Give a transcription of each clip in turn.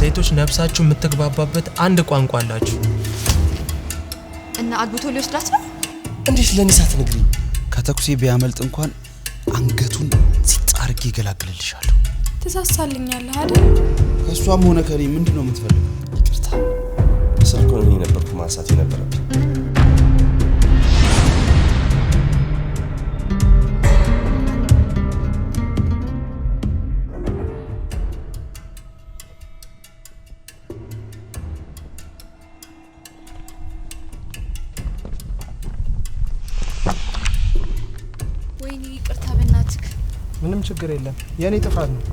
ሴቶች ነፍሳችሁ የምትግባባበት አንድ ቋንቋ አላችሁ። እና አግብቶ ሊወስዳት ነው። እንዴት ለእኔ ንግሪ። ከተኩሴ ቢያመልጥ እንኳን አንገቱን ሲጣርግ ይገላግልልሻለሁ። ትሳሳልኛለህ አይደል? እሷም ሆነ ከኔ ምንድን ነው የምትፈልገው? ይቅርታ፣ ስልኩን እኔ ነበርኩ ማንሳት የነበረብኝ። አይደለም፣ የእኔ ጥፋት ነው።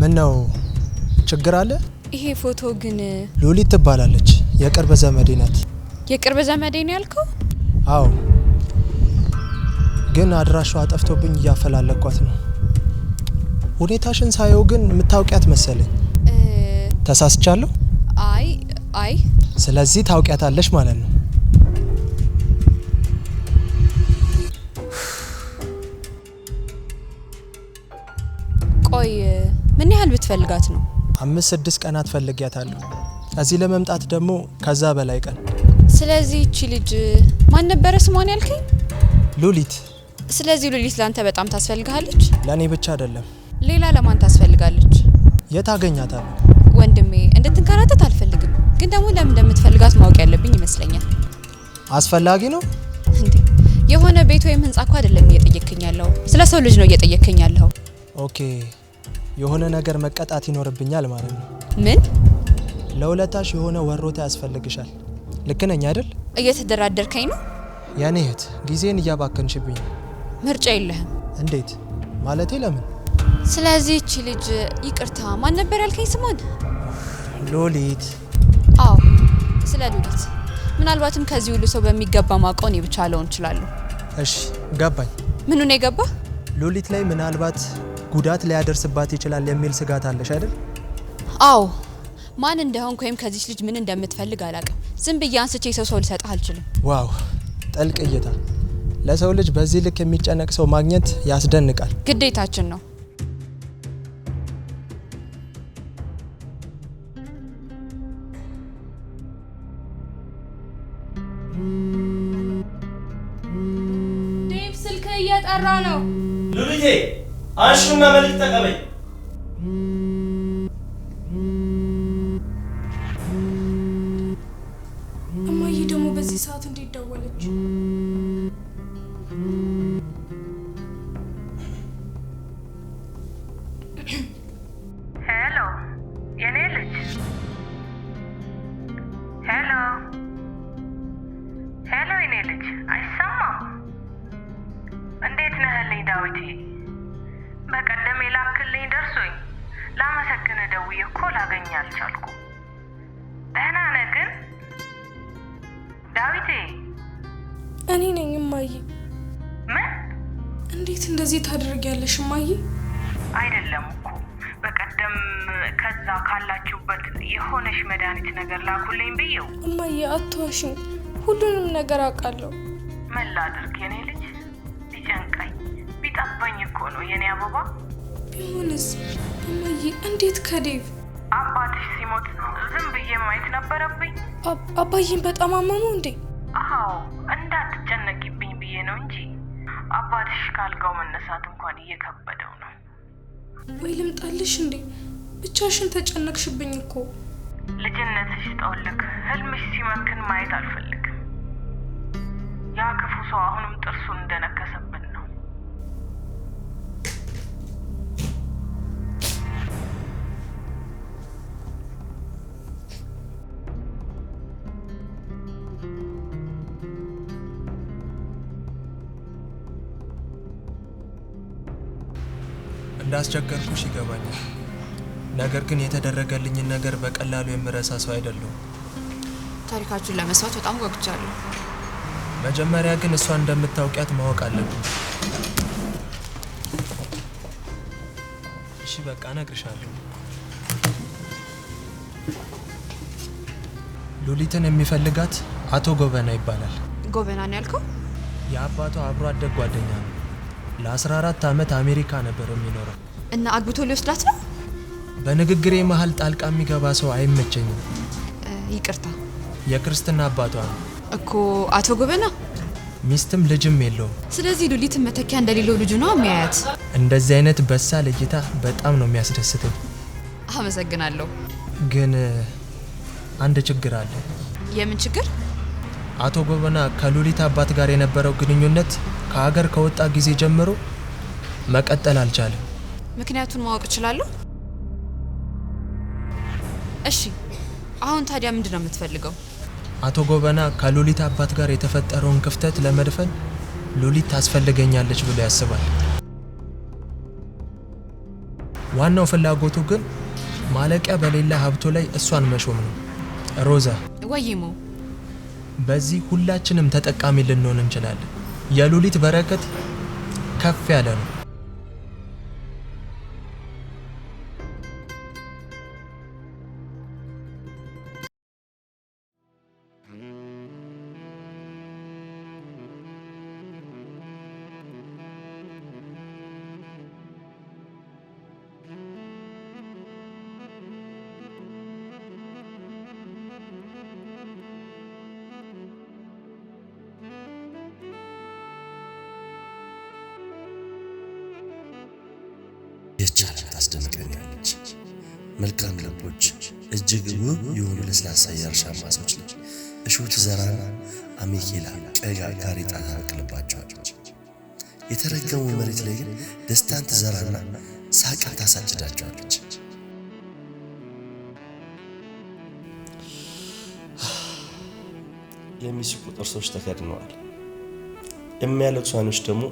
ምን ነው ችግር አለ? ይሄ ፎቶ ግን ሉሊት ትባላለች፣ የቅርብ ዘመዴ ናት። የቅርብ ዘመዴ ነው ያልከው? አዎ፣ ግን አድራሿ ጠፍቶብኝ እያፈላለኳት ነው። ሁኔታሽን ሳየው ግን የምታውቂያት መሰለኝ። ተሳስቻለሁ? አይ አይ፣ ስለዚህ ታውቂያታለሽ ማለት ነው። የምትፈልጋት ነው። አምስት ስድስት ቀናት ፈልጊያታለሁ። እዚህ ለመምጣት ደግሞ ከዛ በላይ ቀን። ስለዚህ እቺ ልጅ ማን ነበረ ስሟን ያልከኝ? ሉሊት። ስለዚህ ሉሊት ላንተ በጣም ታስፈልግሃለች። ለእኔ ብቻ አይደለም። ሌላ ለማን ታስፈልጋለች? የት አገኛታለሁ? ወንድሜ እንድትንከራተት አልፈልግም፣ ግን ደግሞ ለምን እንደምትፈልጋት ማወቅ ያለብኝ ይመስለኛል። አስፈላጊ ነው እንዴ? የሆነ ቤት ወይም ህንጻ እኮ አይደለም እየጠየቅኝ ያለሁ፣ ስለ ሰው ልጅ ነው እየጠየቅኝ ያለው። ኦኬ የሆነ ነገር መቀጣት ይኖርብኛል ማለት ነው። ምን? ለውለታሽ የሆነ ወሮታ ያስፈልግሻል። ልክ ነኝ አይደል? እየተደራደርከኝ ነው? ያኔ እህት ጊዜን እያባከንሽብኝ። ምርጫ የለህም። እንዴት ማለቴ? ለምን? ስለዚህ ልጅ ይቅርታ፣ ማን ነበር ያልከኝ? ስሟን ሎሊት። አዎ፣ ስለ ሎሊት። ምናልባትም ከዚህ ሁሉ ሰው በሚገባ ማውቀው እኔ ብቻ ልሆን እችላለሁ። እሺ፣ ገባኝ። ምኑን የገባ? ሎሊት ላይ ምናልባት ጉዳት ሊያደርስባት ይችላል የሚል ስጋት አለሽ አይደል? አዎ። ማን እንደሆንክ ወይም ከዚች ልጅ ምን እንደምትፈልግ አላቅም። ዝም ብዬ አንስቼ ሰው ሰው ልሰጥህ አልችልም። ዋው ጥልቅ እይታ! ለሰው ልጅ በዚህ ልክ የሚጨነቅ ሰው ማግኘት ያስደንቃል። ግዴታችን ነው። አንሺውና መልክ ተቀበይ። እማዬ ደግሞ በዚህ ሰዓት እንዴት ደወለች? ሄሎ የኔ ልጅ አይሰማም። እንዴት ነህልኝ ዳዊት? ላመሰግንህ ደውዬ እኮ ላገኝ አልቻልኩ። ደህና ነህ ግን? ዳዊቴ እኔ ነኝ እማዬ። ምን? እንዴት እንደዚህ ታደርጊያለሽ እማዬ? አይደለም እኮ በቀደም ከዛ ካላችሁበት የሆነሽ መድኃኒት ነገር ላኩልኝ ብዬው። እማዬ አትዋሽኝ፣ ሁሉንም ነገር አውቃለሁ። ምን ላድርግ የኔ ልጅ፣ ቢጨንቀኝ ቢጠባኝ እኮ ነው የኔ አበባ ይሁንስ እማዬ፣ እንዴት ከዴቭ አባትሽ ሲሞት ዝም ብዬ ማየት ነበረብኝ? አባዬን በጣም አመሙ እንዴ? አዎ፣ እንዳትጨነቂብኝ ብዬ ነው እንጂ አባትሽ ካልጋው መነሳት እንኳን እየከበደው ነው። ወይ ልምጣልሽ እንዴ? ብቻሽን ተጨነቅሽብኝ እኮ። ልጅነትሽ ጠውልክ፣ ህልምሽ ሲመክን ማየት አልፈልግም። ያ ክፉ ሰው አሁንም ጥርሱን እንደነከሰብ እንዳስቸገርኩሽ ይገባኛል። ነገር ግን የተደረገልኝን ነገር በቀላሉ የምረሳ ሰው አይደለሁም። ታሪካችሁን ለመስማት በጣም ጓጉቻለሁ። መጀመሪያ ግን እሷ እንደምታውቂያት ማወቅ አለብን። እሺ በቃ እነግርሻለሁ። ሉሊትን የሚፈልጋት አቶ ጎበና ይባላል። ጎበና ነው ያልከው? የአባቷ አብሮ አደግ ጓደኛ ነው። ለ14 ዓመት አሜሪካ ነበር የሚኖረው። እና አግብቶ ሊወስዳት ነው። በንግግሬ መሀል ጣልቃ የሚገባ ሰው አይመቸኝም። ይቅርታ። የክርስትና አባቷ ነው እኮ አቶ ጎበና። ሚስትም ልጅም የለውም። ስለዚህ ሉሊትን መተኪያ እንደሌለው ልጁ ነው የሚያያት። እንደዚህ አይነት በሳል እይታ በጣም ነው የሚያስደስትኝ አመሰግናለሁ። ግን አንድ ችግር አለ። የምን ችግር? አቶ ጎበና ከሉሊት አባት ጋር የነበረው ግንኙነት ከሀገር ከወጣ ጊዜ ጀምሮ መቀጠል አልቻለም። ምክንያቱን ማወቅ እችላለሁ? እሺ፣ አሁን ታዲያ ምንድን ነው የምትፈልገው? አቶ ጎበና ከሉሊት አባት ጋር የተፈጠረውን ክፍተት ለመድፈን ሉሊት ታስፈልገኛለች ብሎ ያስባል። ዋናው ፍላጎቱ ግን ማለቂያ በሌላ ሀብቱ ላይ እሷን መሾም ነው። ሮዛ ወይሞ፣ በዚህ ሁላችንም ተጠቃሚ ልንሆን እንችላለን። የሉሊት በረከት ከፍ ያለ ነው። ታስደንቀኛለች። መልካም ልቦች እጅግ ውብ የሆኑ ለስላሳ የእርሻ ማሳዎች ላይ እሾህ ትዘራና አሜኬላ ቀጋ አጋሪ ጣት ታበቅልባቸዋለች። የተረገሙ መሬት ላይ ግን ደስታን ትዘራና ሳቅን ታሳጭዳቸዋለች። የሚስቁ ጥርሶች ተከድነዋል፣ የሚያለቅሱ ዓይኖች ደግሞ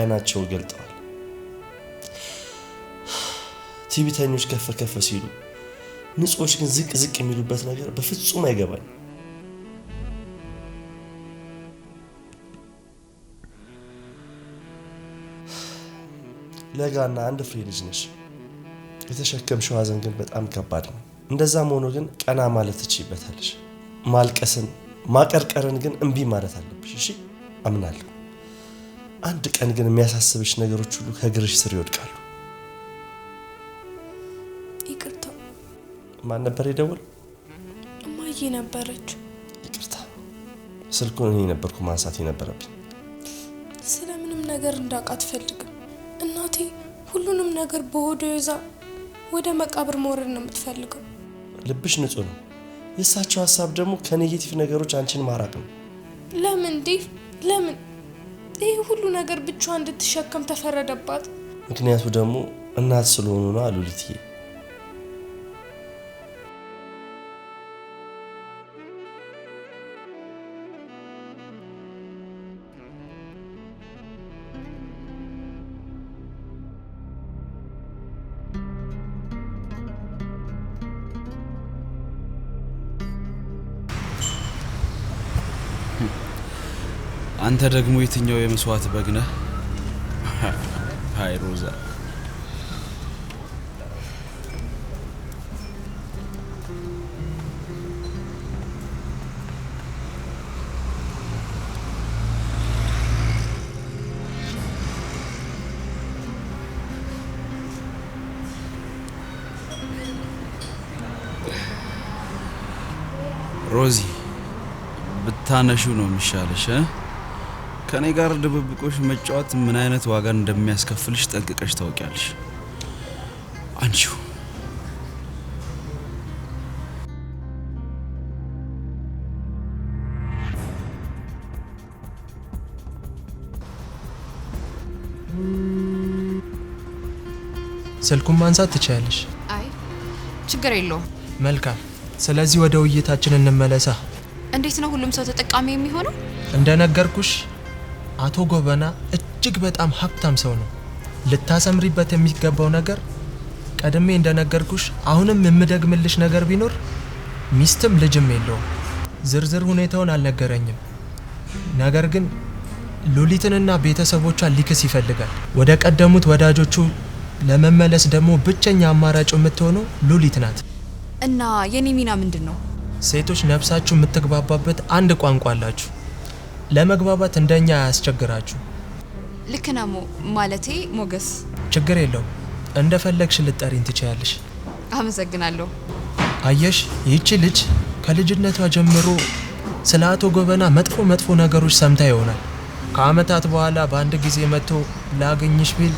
አይናቸው ገልጠዋል። ትዕቢተኞች ከፍ ከፍ ሲሉ፣ ንጹዎች ግን ዝቅ ዝቅ የሚሉበት ነገር በፍጹም አይገባኝ። ለጋና አንድ ፍሬ ልጅ ነሽ። የተሸከምሽው ሐዘን ግን በጣም ከባድ ነው። እንደዛም ሆኖ ግን ቀና ማለት ትችይበታለሽ። ማልቀስን ማቀርቀርን ግን እምቢ ማለት አለብሽ። እሺ አምናለሁ። አንድ ቀን ግን የሚያሳስብሽ ነገሮች ሁሉ ከእግርሽ ስር ይወድቃሉ። ማን ነበር የደውል? እማዬ ነበረች። ይቅርታ፣ ስልኩን እኔ ነበርኩ ማንሳት የነበረብኝ። ስለምንም ነገር እንዳውቅ አትፈልግም እናቴ። ሁሉንም ነገር በሆዶ ይዛ ወደ መቃብር መውረድ ነው የምትፈልገው። ልብሽ ንጹህ ነው። የእሳቸው ሀሳብ ደግሞ ከኔጌቲቭ ነገሮች አንቺን ማራቅ ነው። ለምን ዴቭ? ለምን ይህ ሁሉ ነገር ብቻ እንድትሸከም ተፈረደባት? ምክንያቱ ደግሞ እናት ስለሆኑ ነው አሉልትዬ አንተ ደግሞ የትኛው የመስዋዕት በግ ነህ? ሀይ ሮዛ፣ ሮዚ ብታነሹ ነው የሚሻለሽ። ከእኔ ጋር ድብብቆሽ መጫወት ምን አይነት ዋጋ እንደሚያስከፍልሽ ጠንቅቀሽ ታውቂያለሽ። አንቺ ስልኩን ማንሳት ትችያለሽ። አይ ችግር የለውም። መልካም። ስለዚህ ወደ ውይይታችን እንመለሳ። እንዴት ነው ሁሉም ሰው ተጠቃሚ የሚሆነው? እንደነገርኩሽ አቶ ጎበና እጅግ በጣም ሀብታም ሰው ነው። ልታሰምሪበት የሚገባው ነገር ቀድሜ እንደነገርኩሽ አሁንም የምደግምልሽ ነገር ቢኖር ሚስትም ልጅም የለውም። ዝርዝር ሁኔታውን አልነገረኝም፣ ነገር ግን ሉሊትንና ቤተሰቦቿን ሊክስ ይፈልጋል። ወደ ቀደሙት ወዳጆቹ ለመመለስ ደግሞ ብቸኛ አማራጭ የምትሆነው ሉሊት ናት። እና የኔ ሚና ምንድን ነው? ሴቶች ነፍሳችሁ የምትግባባበት አንድ ቋንቋ አላችሁ። ለመግባባት እንደኛ አያስቸግራችሁ። ልክ ነው ሞ ማለቴ ሞገስ። ችግር የለው እንደፈለግሽ ልጠሪን ትችያለሽ። አመሰግናለሁ። አየሽ ይቺ ልጅ ከልጅነቷ ጀምሮ ስለ አቶ ጎበና መጥፎ መጥፎ ነገሮች ሰምታ ይሆናል። ከአመታት በኋላ በአንድ ጊዜ መጥቶ ላገኝሽ ቢል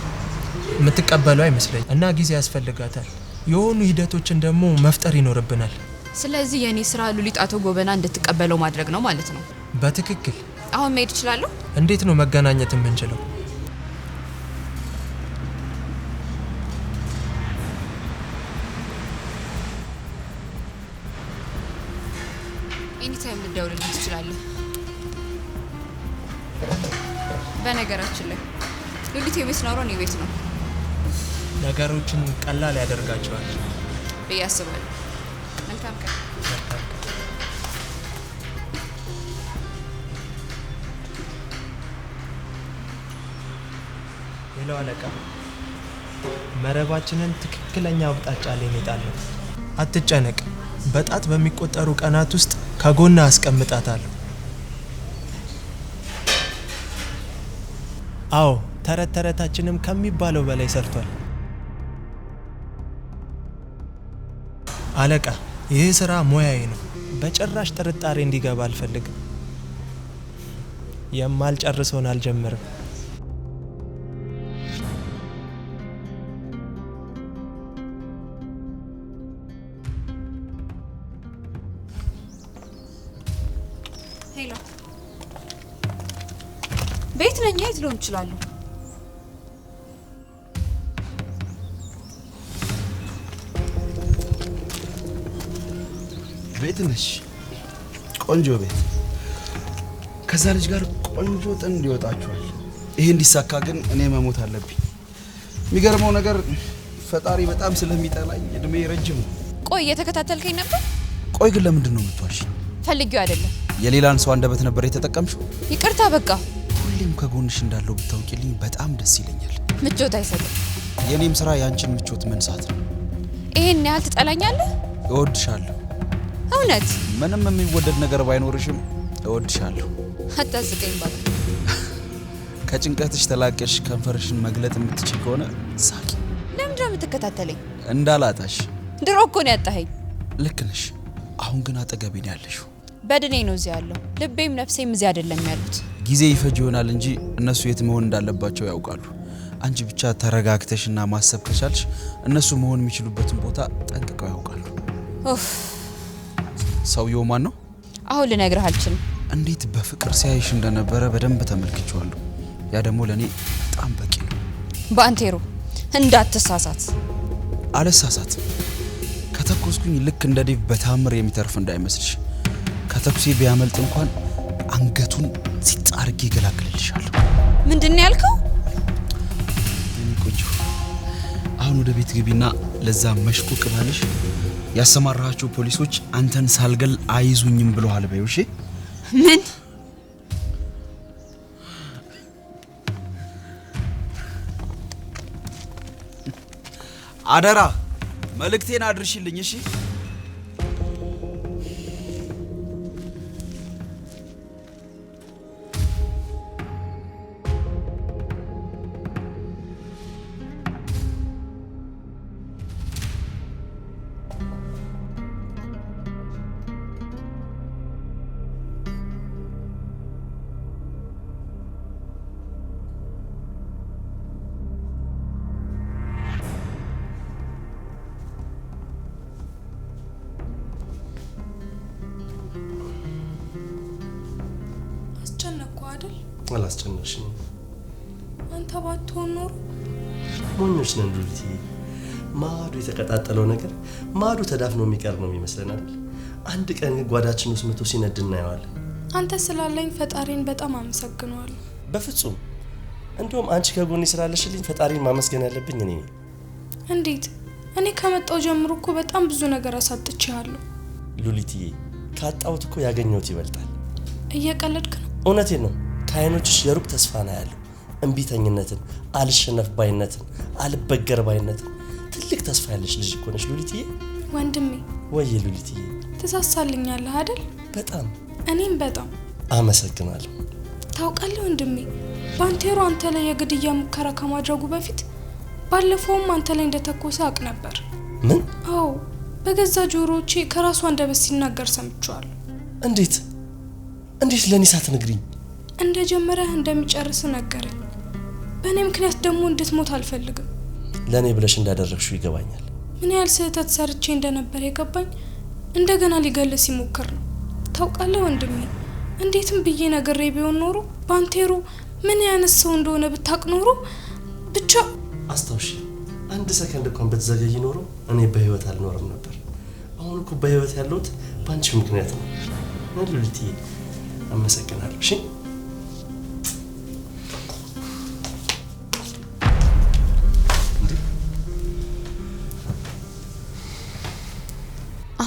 የምትቀበለው አይመስለኝ እና ጊዜ ያስፈልጋታል። የሆኑ ሂደቶችን ደግሞ መፍጠር ይኖርብናል። ስለዚህ የእኔ ስራ ሉሊት አቶ ጎበና እንድትቀበለው ማድረግ ነው ማለት ነው። በትክክል አሁን መሄድ እችላለሁ? እንዴት ነው መገናኘት የምንችለው? ኤኒታይም ልደውልልህ ትችላለህ። በነገራችን ላይ ሉሊት የቤት ኖሮ እኔ ቤት ነው። ነገሮችን ቀላል ያደርጋቸዋል ብዬ አስባለሁ። መልካም ቀን የሚለው አለቃ መረባችንን ትክክለኛ አቅጣጫ ላይ እንጣለን። አትጨነቅ፣ በጣት በሚቆጠሩ ቀናት ውስጥ ከጎና አስቀምጣታለሁ። አዎ ተረት ተረታችንም ከሚባለው በላይ ሰርቷል። አለቃ፣ ይህ ስራ ሙያዬ ነው። በጭራሽ ጥርጣሬ እንዲገባ አልፈልግም። የማልጨርሰውን አልጀምርም። ሄሎ፣ ቤት ነኝ። የት ሊሆን ቤት ነሽ? ቆንጆ ቤት ከዛ ልጅ ጋር ቆንጆ ጥንድ ይወጣችኋል። ይሄ እንዲሳካ ግን እኔ መሞት አለብኝ። የሚገርመው ነገር ፈጣሪ በጣም ስለሚጠላኝ እድሜ ረጅም ነው። ቆይ እየተከታተልከኝ ነበር? ቆይ ግን ለምንድን ነው የምትዋሽ? ፈልጊው አይደለም የሌላን ሰው አንደበት ነበር የተጠቀምሽው? ይቅርታ በቃ ሁሌም ከጎንሽ እንዳለው ብታውቂልኝ በጣም ደስ ይለኛል። ምቾት አይሰጥም። የእኔም ስራ የአንችን ምቾት መንሳት ነው። ይሄን ያህል ትጠላኛለህ? እወድሻለሁ። እውነት ምንም የሚወደድ ነገር ባይኖርሽም እወድሻለሁ። አታስቀኝ ባ ከጭንቀትሽ ተላቀሽ ከንፈርሽን መግለጥ የምትችል ከሆነ ሳቂ። ለምንድነው የምትከታተለኝ? እንዳላጣሽ። ድሮ እኮ ነው ያጣኸኝ። ልክ ነሽ። አሁን ግን አጠገቤ ነው ያለሽው። በድኔ ነው እዚህ ያለው። ልቤም ነፍሴም እዚህ አይደለም ያሉት። ጊዜ ይፈጅ ይሆናል እንጂ እነሱ የት መሆን እንዳለባቸው ያውቃሉ። አንቺ ብቻ ተረጋግተሽና ማሰብ ከቻልሽ እነሱ መሆን የሚችሉበትን ቦታ ጠንቅቀው ያውቃሉ። ሰውየው ማን ነው? አሁን ልነግርህ አልችልም። እንዴት በፍቅር ሲያይሽ እንደነበረ በደንብ ተመልክቼዋለሁ። ያ ደግሞ ለእኔ በጣም በቂ ነው። በአንቴሮ እንዳትሳሳት። አለሳሳት። ከተኮስኩኝ ልክ እንደ ዴቭ በታምር የሚተርፍ እንዳይመስልሽ። ከተኩሴ ቢያመልጥ እንኳን አንገቱን ሲጣርግ አርጌ ይገላግልልሻለሁ። ምንድን ያልከው? ቆንጆ፣ አሁን ወደ ቤት ግቢና ለዛ መሽኮቅ ባልሽ ያሰማራሃቸው ፖሊሶች አንተን ሳልገል አይዙኝም ብለዋል በይው። እሺ ምን አደራ መልእክቴን አድርሽልኝ። እሺ አላስጨነቅሽኝ። አንተ ባትሆን ኖሮ ሞኞች ነን ሉሊት። ማዶ የተቀጣጠለው ነገር ማዶ ተዳፍኖ የሚቀር ነው የሚመስለን አይደል? አንድ ቀን ጓዳችን ውስጥ መቶ ሲነድ እናየዋለን። አንተ ስላለኝ ፈጣሪን በጣም አመሰግነዋለሁ። በፍጹም እንዲሁም አንቺ ከጎኔ ስላለሽልኝ ፈጣሪን ማመስገን ያለብኝ እኔ። እንዴት? እኔ ከመጣው ጀምሮ እኮ በጣም ብዙ ነገር አሳጥቼሃለሁ ሉሊትዬ። ካጣሁት እኮ ያገኘሁት ይበልጣል። እየቀለድክ ነው? እውነቴን ነው። ከዓይኖችሽ የሩቅ ተስፋን ያለው። እምቢተኝነትን፣ አልሸነፍ ባይነትን፣ አልበገር ባይነትን። ትልቅ ተስፋ ያለች ልጅ እኮ ሉሊትዬ። ወንድሜ ወይ ሉሊትዬ፣ ትሳሳልኛለህ አይደል? በጣም እኔም በጣም አመሰግናለሁ። ታውቃለህ ወንድሜ፣ ባንቴሮ አንተ ላይ የግድያ ሙከራ ከማድረጉ በፊት ባለፈውም አንተ ላይ እንደተኮሰ አውቅ ነበር። ምን? አዎ በገዛ ጆሮቼ ከራሱ አንደበት ሲናገር ሰምቼዋለሁ። እንዴት እንዴት ለእኔ ሳትነግሪኝ? እንደጀመረ እንደሚጨርስ ነገረኝ። በእኔ ምክንያት ደግሞ እንድትሞት አልፈልግም። ለእኔ ብለሽ እንዳደረግሽው ይገባኛል። ምን ያህል ስህተት ሰርቼ እንደነበር የገባኝ እንደገና ሊገለ ሲሞክር ነው። ታውቃለህ ወንድሜ፣ እንዴትም ብዬ ነገሬ ቢሆን ኖሮ ባንቴሩ ምን አይነት ሰው እንደሆነ ብታቅ ኖሮ ብቻ አስታውሺ፣ አንድ ሰከንድ እንኳን ብትዘገይ ኖሮ እኔ በህይወት አልኖርም ነበር። አሁን እኮ በህይወት ያለሁት በአንቺ ምክንያት ነው። ሉሊትዬ፣ አመሰግናለሁ።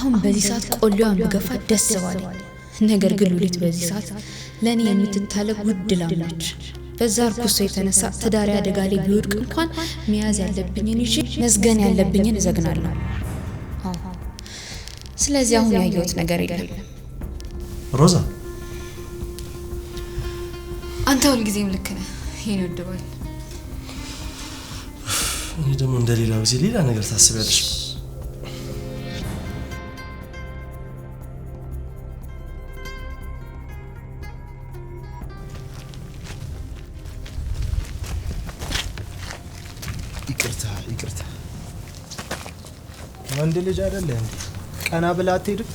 አሁን በዚህ ሰዓት ቆሌዋን ብገፋት ደስ ባለኝ። ነገር ግን ሉሊት በዚህ ሰዓት ለእኔ የምትታለብ ውድ ላም ነች። በዛ እርኩሷ የተነሳ ትዳሬ አደጋ ላይ ቢወድቅ እንኳን መያዝ ያለብኝን ይዤ መዝገን ያለብኝን እዘግናለሁ። ስለዚህ አሁን ያየሁት ነገር የለም። ሮዛ፣ አንተ ሁልጊዜም ልክ ነህ። ይህን ወድባል። እኔ ደግሞ እንደ ጊዜ ሌላ ነገር ታስቢያለሽ ይቅርታ ይቅርታ። ወንድ ልጅ አይደለ እንዴ? ቀና ብላ አትሄድም?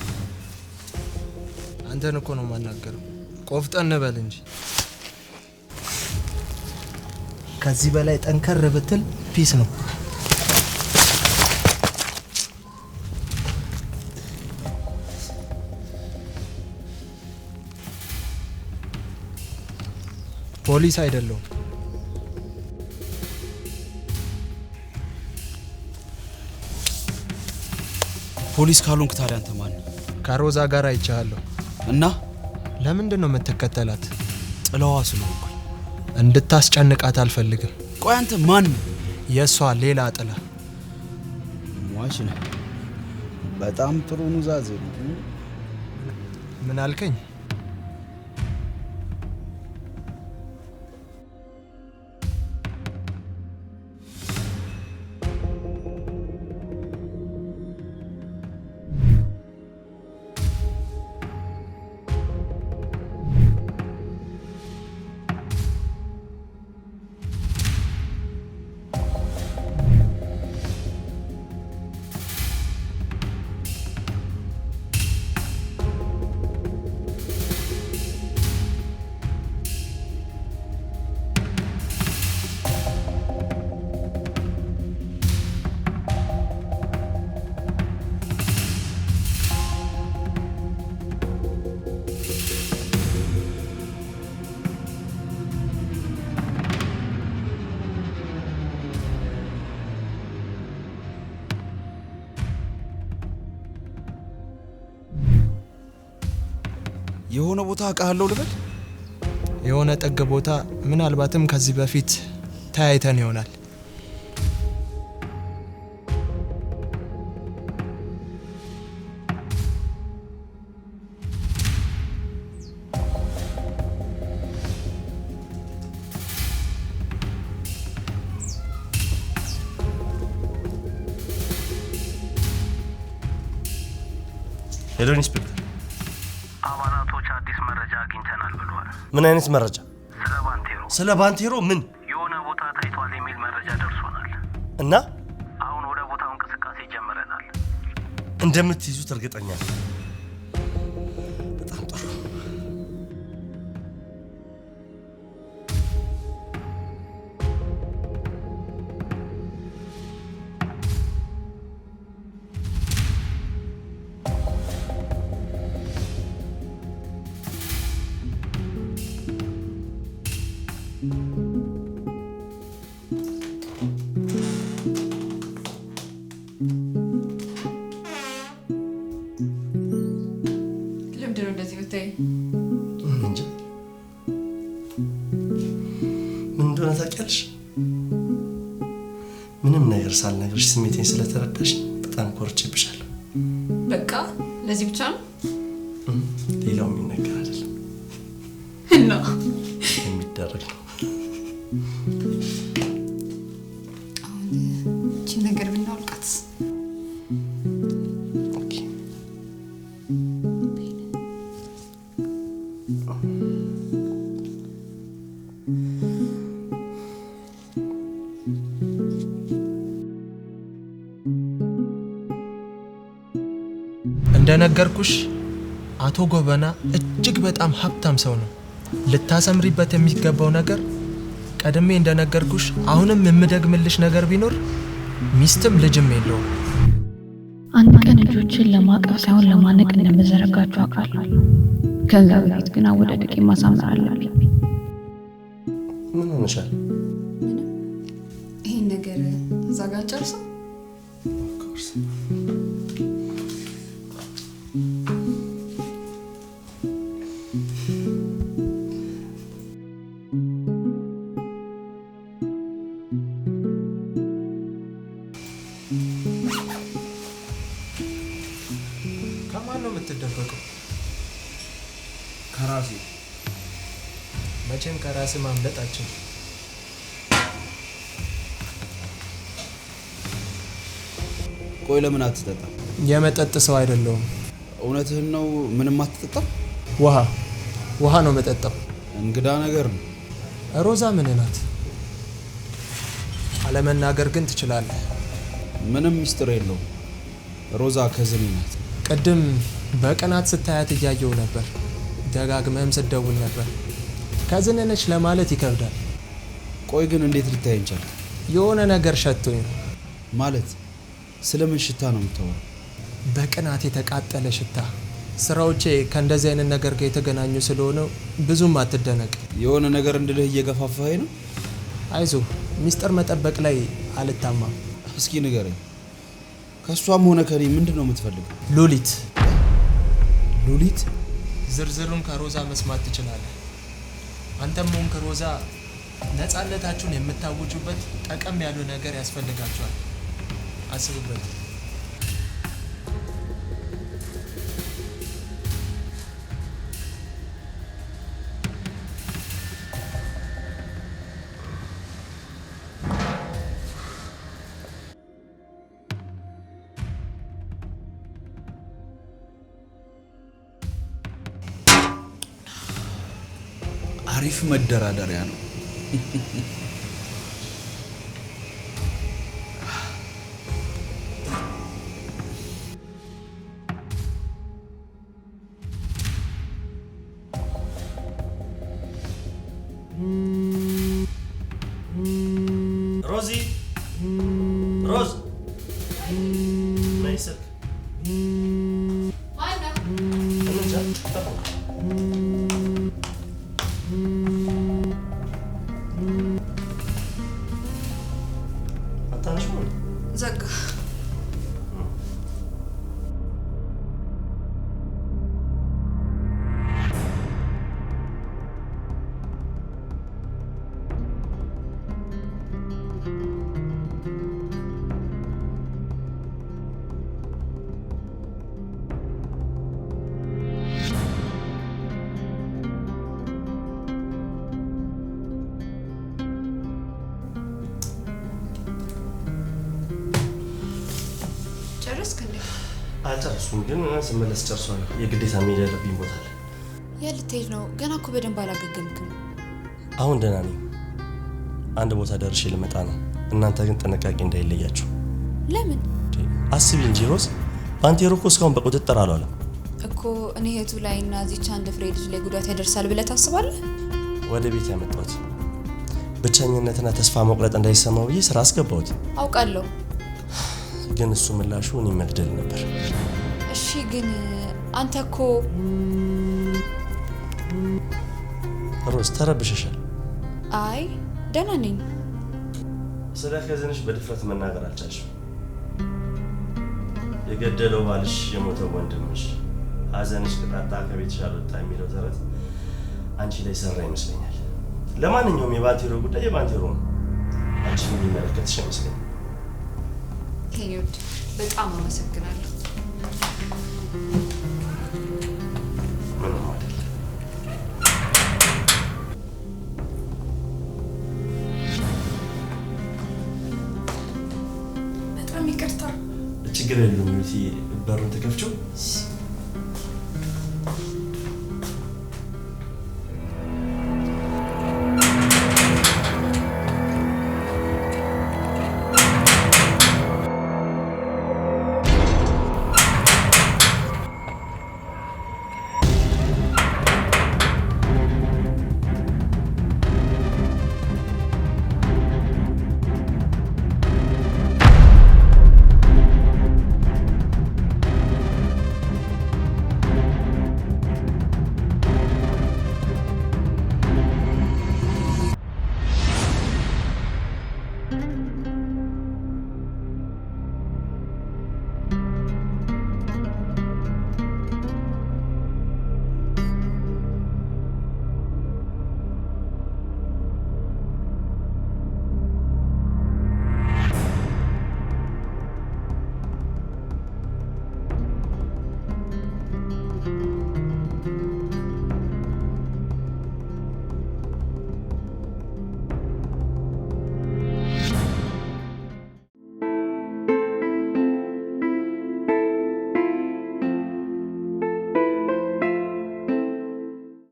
አንተን እኮ ነው የማናገረው። ቆፍጠን በል እንጂ ከዚህ በላይ ጠንከር ብትል ፒስ ነው። ፖሊስ አይደለሁም። ፖሊስ ካልሆንክ ታዲያ አንተ ማን? ከሮዛ ጋር አይቻለሁ እና ለምንድን ነው የምትከተላት? ጥላዋ ስለሆንኩኝ እንድታስጨንቃት አልፈልግም። ቆይ አንተ ማን? የእሷ ሌላ ጥላ ሟች ነህ። በጣም ጥሩ ኑዛዜ ነው። ምን አልከኝ? የሆነ ቦታ አውቃለሁ ልበል? የሆነ ጥግ ቦታ ምናልባትም ከዚህ በፊት ተያይተን ይሆናል። ሄሎ ኢንስፔክተር ምን አይነት መረጃ? ስለ ባንቴሮ ስለ ባንቴሮ ምን የሆነ ቦታ ታይቷል የሚል መረጃ ደርሶናል እና አሁን ወደ ቦታው እንቅስቃሴ ጀምረናል። እንደምትይዙት እርግጠኛ ነው። ሳልነግርሽ ስሜቴን ስለተረዳሽ በጣም ኮርቼብሻለሁ። በቃ ለዚህ ብቻ ነው፣ ሌላው የሚነገር አይደለም እና የሚደረግ ነው። እንደነገርኩሽ አቶ ጎበና እጅግ በጣም ሀብታም ሰው ነው። ልታሰምሪበት የሚገባው ነገር ቀድሜ እንደነገርኩሽ፣ አሁንም የምደግምልሽ ነገር ቢኖር ሚስትም ልጅም የለውም። አንድ ቀን ልጆችን ለማቀፍ ሳይሆን ለማነቅ እንደምዘረጋቸው አውቃለሁ። ከዛ በፊት ግን አወዳደቄ ማሳመር አለብኝ። ምን ሆነሻል? ለምን አትጠጣም? የመጠጥ ሰው አይደለሁም። እውነትህን ነው? ምንም አትጠጣም? ውሃ ውሃ ነው መጠጣው። እንግዳ ነገር ነው። ሮዛ ምን ናት? አለመናገር ግን ትችላለህ። ምንም ሚስጥር የለውም። ሮዛ ከዝኔ ናት። ቅድም በቅናት ስታያት እያየው ነበር። ደጋግመህም ስትደውል ነበር። ከዝኔ ነች ለማለት ይከብዳል። ቆይ ግን እንዴት ልታይ ቻልክ? የሆነ ነገር ሸቶኝ ነው ማለት ስለምን ሽታ ነው የምታወራው? በቅናት የተቃጠለ ሽታ። ስራዎቼ ከእንደዚህ አይነት ነገር ጋር የተገናኙ ስለሆነ ብዙም አትደነቅ። የሆነ ነገር እንድልህ እየገፋፋኸኝ ነው? አይዞ፣ ሚስጥር መጠበቅ ላይ አልታማም። እስኪ ንገረኝ፣ ከእሷም ሆነ ከኔ ምንድን ነው የምትፈልገው? ሉሊት ሉሊት? ዝርዝሩን ከሮዛ መስማት ትችላለህ። አንተም ሆን ከሮዛ ነፃነታችሁን የምታውጁበት ጠቀም ያሉ ነገር ያስፈልጋቸዋል። አስቡበት። አሪፍ መደራደሪያ ነው። ったかな。ስመለስ ነው። የግዴታ መሄድ ያለብኝ ቦታ አለ። የት ልትሄድ ነው? ገና እኮ በደንብ አላገገምክም። አሁን ደህና ነኝ። አንድ ቦታ ደርሼ ልመጣ ነው። እናንተ ግን ጥንቃቄ እንዳይለያችሁ። ለምን? አስቢ እንጂ ሮዝ፣ ባንቴሮ እኮ እስካሁን በቁጥጥር አልዋለም እኮ። እኔ እህቱ ላይ እና እዚች አንድ ፍሬ ልጅ ላይ ጉዳት ያደርሳል ብለህ ታስባለህ? ወደ ቤት ያመጣሁት ብቸኝነትና ተስፋ መቁረጥ እንዳይሰማው ብዬ ስራ አስገባሁት። አውቃለሁ፣ ግን እሱ ምላሹ እኔ መግደል ነበር። ግን አንተ እኮ ሮዝ ተረብሸሻል። አይ ደህና ነኝ። ከዝንሽ በድፍረት መናገር አልቻልሽም። የገደለው ባልሽ፣ የሞተው ወንድምሽ፣ ሐዘንሽ ቅጣጣ ከቤትሽ አልወጣ የሚለው ተረት አንቺ ላይ ሰራ ይመስለኛል። ለማንኛውም የባንቴሮ ጉዳይ የባንቴሮ ነው፣ አንቺ የሚመለከትሽ ይመስለኛል። በጣም አመሰግናለሁ። በጣም ይቅርታ። ችግር የለውም። በሩን ተከፍቼው